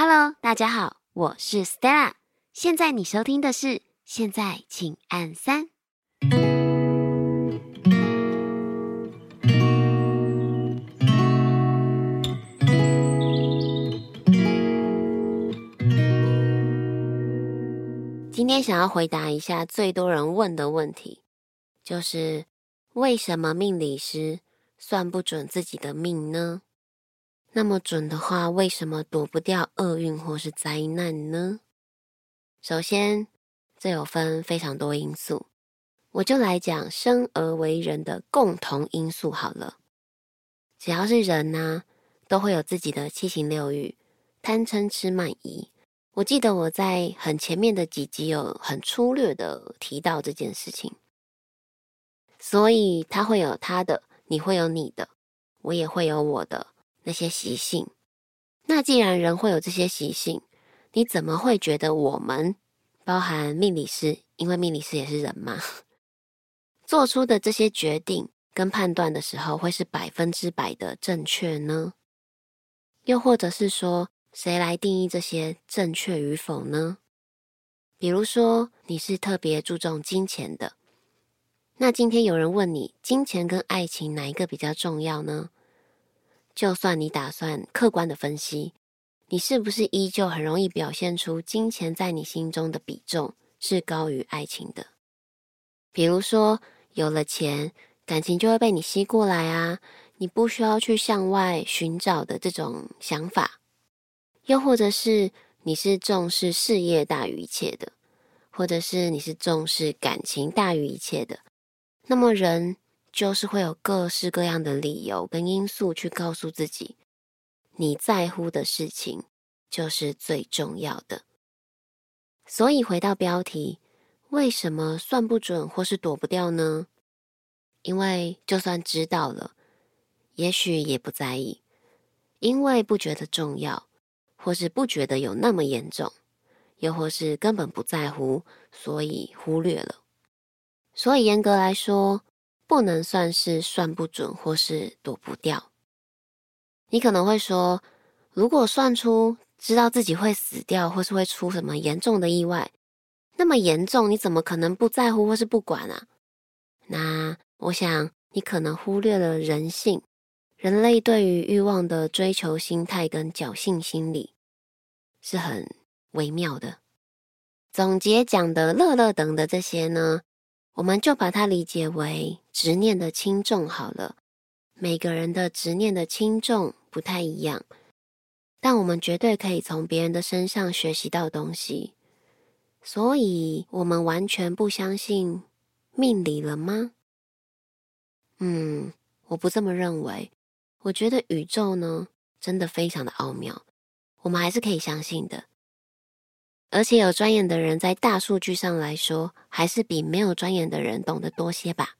Hello，大家好，我是 Stella，現在你收聽的是，現在請按三。今天想要回答一下最多人問的問題，就是為什麼命理師算不准自己的命呢？那麼準的話，為什麼躲不掉厄運或是災難呢？首先，這有分非常多因素，我就來講生而為人的共同因素好了。只要是人呢、啊，都會有自己的七情六慾、貪嗔癡慢疑。我記得我在很前面的幾集有很粗略的提到這件事情，所以他會有他的，你會有你的，我也會有我的，那些習性，那既然人會有這些習性，你怎麼會覺得我們，包含命理師，因為命理師也是人嘛，做出的這些決定跟判斷的時候，會是百分之百的正確呢？又或者是說，誰來定義這些正確與否呢？比如說，你是特別注重金錢的，那今天有人問你，金錢跟愛情哪一個比較重要呢？就算你打算客觀的分析，你是不是依舊很容易表現出金錢在你心中的比重是高於愛情的？比如說，有了錢，感情就會被你吸過來啊，你不需要去向外尋找的這種想法。又或者是你是重視事業大於一切的，或者是你是重視感情大於一切的，那麼人，就是會有各式各樣的理由跟因素去告訴自己，你在乎的事情就是最重要的。所以回到標題，為什麼算不準或是躲不掉呢？因為就算知道了，也許也不在意，因為不覺得重要，或是不覺得有那麼嚴重，又或是根本不在乎，所以忽略了。所以嚴格來說，不能算是算不準或是躲不掉。你可能會說，如果算出知道自己會死掉或是會出什麼嚴重的意外，那麼嚴重，你怎麼可能不在乎或是不管啊？那我想你可能忽略了人性，人類對於慾望的追求心態跟僥倖心理是很微妙的。總結講的樂樂等的這些呢？我們就把它理解為執念的輕重好了。每個人的執念的輕重不太一樣，但我們絕對可以從別人的身上學習到東西。所以我們完全不相信命理了嗎？嗯，我不這麼認為。我覺得宇宙呢，真的非常的奧妙，我們還是可以相信的。而且有鑽研的人，在大數據上來說，還是比沒有鑽研的人懂得多些吧。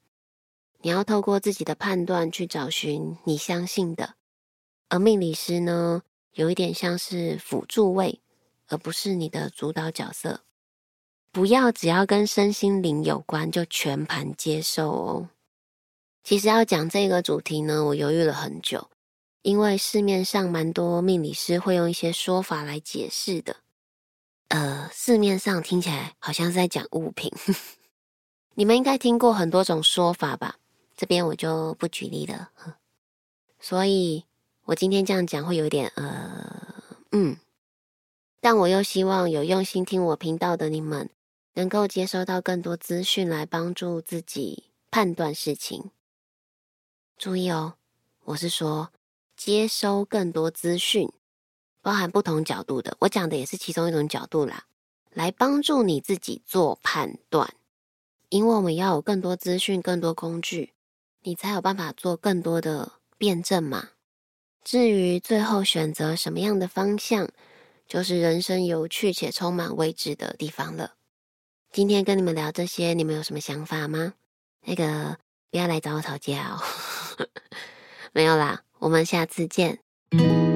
你要透過自己的判斷去找尋你相信的。而命理師呢，有一點像是輔助位，而不是你的主導角色。不要只要跟身心靈有關就全盤接受哦。其實要講這個主題呢，我猶豫了很久，因為市面上蠻多命理師會用一些說法來解釋的。市面上聽起來好像是在講物品， 你們應該聽過很多種說法吧？這邊我就不舉例了。所以，我今天這樣講會有點呃，嗯，但我又希望有用心聽我頻道的你們，能夠接收到更多資訊來幫助自己判斷事情。注意哦，我是說接收更多資訊，包含不同角度的。我講的也是其中一種角度啦。來幫助你自己做判斷，因為我們要有更多資訊、更多工具，你才有辦法做更多的辯證嘛。至於最後選擇什麼樣的方向，就是人生有趣且充滿未知的地方了。今天跟你們聊這些，你們有什麼想法嗎？那個不要來找我吵架哦。 沒有啦，我們下次見。嗯。